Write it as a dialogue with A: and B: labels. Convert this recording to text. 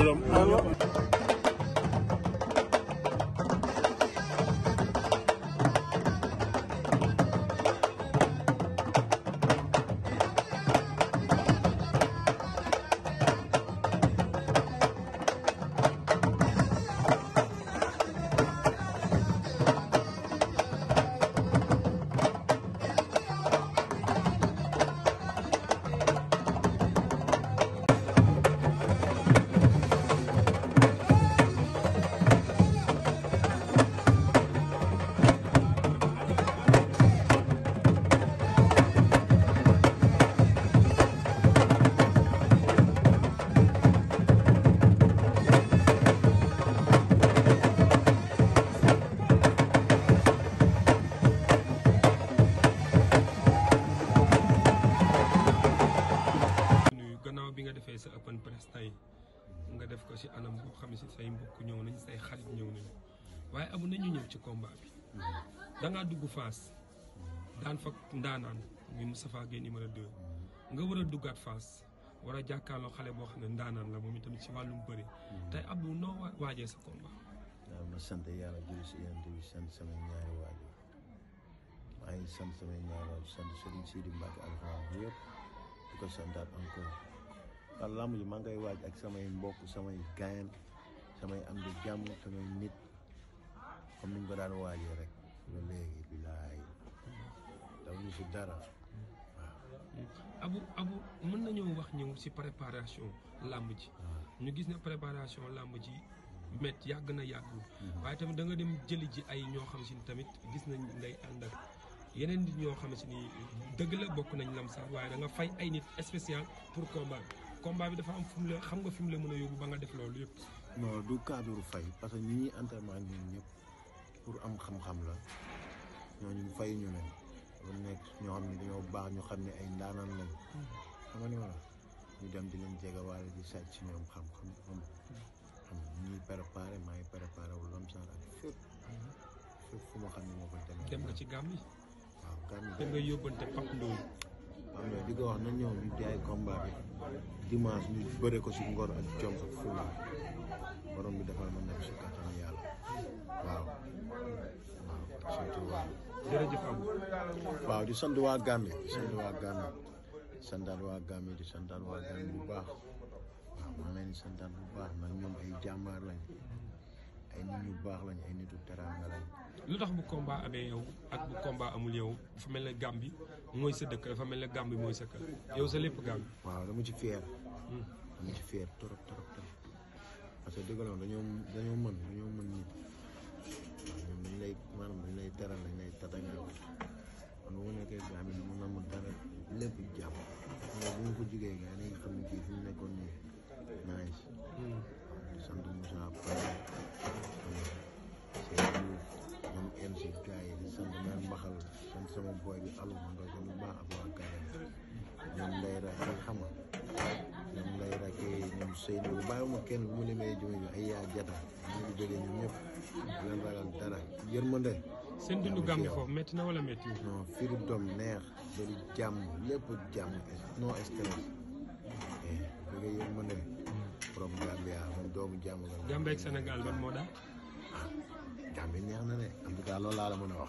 A: Biram
B: sa open press tey nga def ko si anam boo xam ne si say mbokk ñëw nañ say xarit ñëw nañu waaye amu na ñu ñëw ci combat bi da ngaa dugg Fass daan fa ndaanaan muy Moustapha Gueye numéro 2 nga war a duggaat Fass war a jàkkaarloo xale boo xam ne ndaanaan la moom itamit si wàllum bëri tey Abdou noo waajee sa combat.
A: waaw ma sant yàlla jërëjëf si yéen di sant sama ñaari waajur maa ngi sant sama ñaari waajur sant Serigne Sidi Mbacke alxuraan yëpp di ko santaat encore. ndax làmb ji maa ngi koy waaj ak samay mbokk samay gaayan am di nit comme niñ ko daan waajee rek ba léegi bilaay daw
B: abu abu mën nañoo wax ñëw si préparation làmb ji ñu gis ne préparation làmb ji met yàgg na yàggul mhm. waaye tamit da nga dem jëli ji ay ñoo xam si ni tamit gis nañ ngay ànd ak yeneen nit ñoo xam si ni dëgg la bokk nañ lam sax waaye danga fay ay nit spécial pour combat combat bi dafa am fu la xam nga fi mu la mën a yóbbu ba nga def loolu yëpp.
A: non du cadre fay parce que ñi ñuy entraînement ñun ñëpp pour am xam-xam la ñooñu fay ñu leen lu nekk ñoo xam ne dañoo baax ñu xam ne ay ndaanal lañ. xam nga ni ma ñu dem di leen jegewaale di sàcc ci ñoom xam-xam am xam ñuy préparé maa ngi préparé wu lamsaan ak fépp. fépp fu ma xam ne moo te demee. dem nga ci gàmm yi. waaw gàmm yi yóbbante Pape Ndoye am na di ko wax na ñëw ñu jaay combat bi dimanche ñu bëre ko si ngor ak coom ak fulla borom bi defal ma nekk si kattan yàlla waaw waaw
B: surtout waaw jërëjëf
A: di sant waa Gambie di sant waa Gambie di santaat waa di santaat bu baax waaw maa ngi leen di santaat bu ñoom ay jàmbaar lañ
B: ay nit ñu baax lañu ay nitu teraanga lañ. lu tax bu combat amee yow ak bu combat amul yow dafa mel ne Gàmbi mooy sa dëkk mel ne Gàmbi mooy sa kër yow lépp Gàmbi. waaw dama ci fier. Hmm.
A: dama ci fier torop torop parce que dëgg dañoo dañoo dañoo mën nit waaw dañ lay maanaam dañ lay teral dañ lay tatagal man bu ma nekkee dara lépp jàmm. waaw bu ma ko jugee gars yi xam ne kii fi mu nekkoon nii nice. Hmm. sant Moussa Paye Seydou ñoom MC gars yi di sant sama boy bi Alou nga bu baax ak waa Kayaar ñoom Ndeye Racky ñoom Ndeye Racky ñoom Seydou kenn bu mu limee jëm ñu ay yaa jata ñu ngi jógee ñun seen dundu gàmm foofu
B: métti na wala métti non
A: firi doom neex bëri jàmm lépp jàmm non stress. Eh, doomu jàmm nga. Gambie
B: ak Sénégal ban moo daax. ah
A: Gambie neex na de en tout cas loolu laa la mën a wax.